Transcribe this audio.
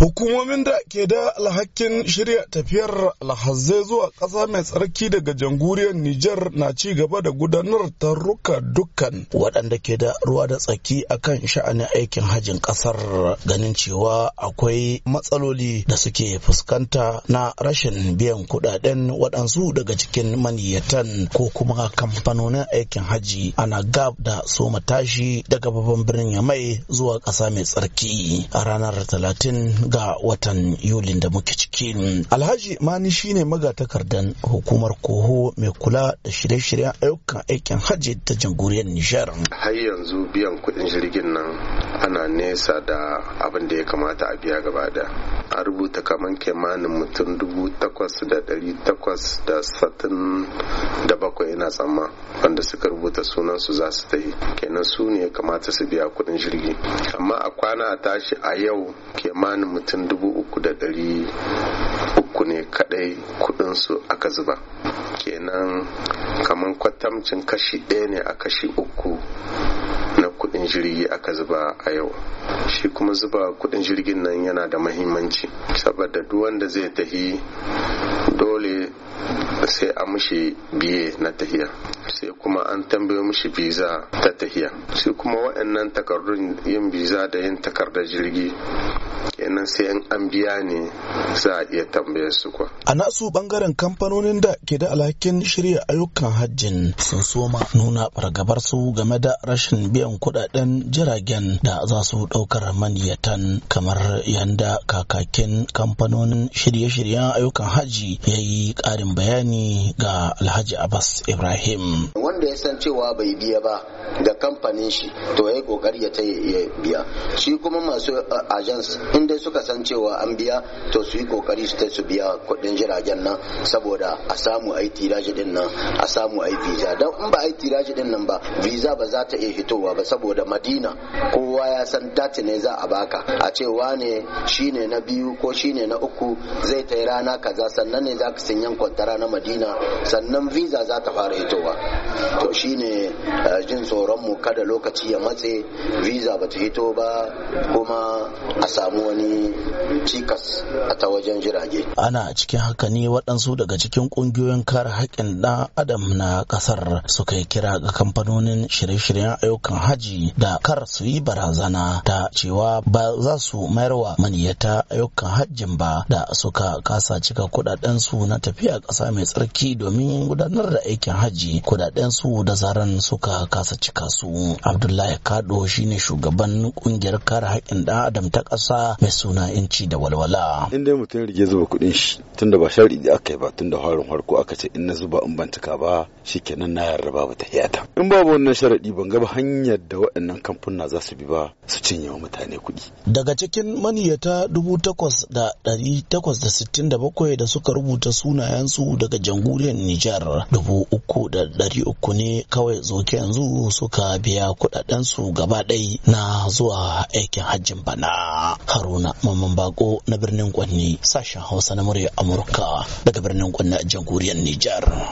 Hukumomin da ke da alhakin shirya tafiyar alhazai zuwa ƙasa mai tsarki daga jamhuriyar Nijar na ci gaba da gudanar taruka dukkan waɗanda ke da ruwa da tsaki akan sha'anin aikin hajin ƙasar ganin cewa akwai matsaloli da suke fuskanta na rashin biyan kuɗaɗen waɗansu daga cikin maniyatan ko kuma kamfanonin aikin haji ana gab da su tashi daga babban birnin Yamai zuwa ƙasa mai tsarki a ranar talatin ga watan Yulin da muke ciki. Alhaji Mani shine magatakardan hukumar Koho mai kula da shirye-shiryen ayyukan aikin hajji ta jamhuriyar Nijar. Har yanzu biyan kuɗin jirgin nan ana nesa da abin da ya kamata a biya gaba da a rubuta kaman kimanin mutum dubu takwas da dari takwas da satin da bakwai ina tsamma wanda suka rubuta sunan su za su tafi kenan su ne ya kamata su biya kudin jirgi amma a kwana a tashi a yau kimanin mutum dubu uku da dari uku ne kadai kudin su aka zuba kenan kaman kwatamcin kashi ɗaya ne a kashi uku kudin jirgi aka zuba a yau shi kuma zuba kudin jirgin nan yana da mahimmanci saboda duk wanda zai tahi dole sai a mushi biye na tahiya sai kuma an tambayo mushi biza ta tahiya sai kuma waɗannan takardun yin biza da yin takardar jirgi wa'annan sai an biya ne za a iya tambayar su kwa a nasu bangaren kamfanonin da ke da alhakin shirya ayyukan hajjin sun soma nuna fargabar su game da rashin biyan kudaden jiragen da za su daukar maniyatan kamar yanda kakakin kamfanonin shirye-shiryen ayyukan hajji ya yi karin bayani ga alhaji abbas ibrahim wanda ya san cewa bai biya ba ga kamfanin shi to ya yi kokari ya ta ya biya shi kuma masu uh, agents in dai suka san cewa an biya to su yi kokari su ta su biya kuɗin jiragen nan saboda a samu a yi tiraji din nan a samu a yi visa don in ba a yi tiraji din nan ba visa ba za ta iya fitowa ba saboda madina kowa ya san dati ne za a baka a ce wane shine na biyu ko shine na uku zai ta rana kaza sannan ne za ka sanyan kwantara na madina sannan visa za ta fara fitowa. shine eh, jin tsoron mu kada lokaci ya matse visa ta hito ba kuma samu wani cikas a ta wajen jirage ana cikin haka ne waɗansu daga cikin ƙungiyoyin kare haƙƙin ɗan adam na ƙasar suka yi kira ga kamfanonin shirye-shiryen ayyukan haji da kar su yi barazana ta cewa ba za su mayar wa maniyyata ayyukan hajjin ba da suka kasa cika kuɗaɗen su na tafiya ƙasa mai tsarki domin gudanar da aikin haji kuɗaɗen su da zaran suka kasa cika su abdullahi kado shine shugaban ƙungiyar kare haƙƙin ɗan adam ta ƙasa ƙasa mai suna inci da walwala. In dai mutum rige zuba kuɗin shi tunda ba sharidi aka yi ba tunda harin harko aka ce in na zuba in ban cika ba shikenan na yarda ba ta hiyata in babu wannan sharadi ban ga ba hanyar da waɗannan kamfuna za su bi ba su cinye wa mutane kuɗi daga cikin maniyyata dubu da sittin da bakwai da suka rubuta sunayensu daga jamhuriyar Nijar dubu ne kawai zoke yanzu suka biya su gaba ɗai na zuwa aikin hajjin bana haruna mamman bako na birnin kwanni sashen hausa na murya Amurka daga birnin Kwanne jamhuriyar Nijar.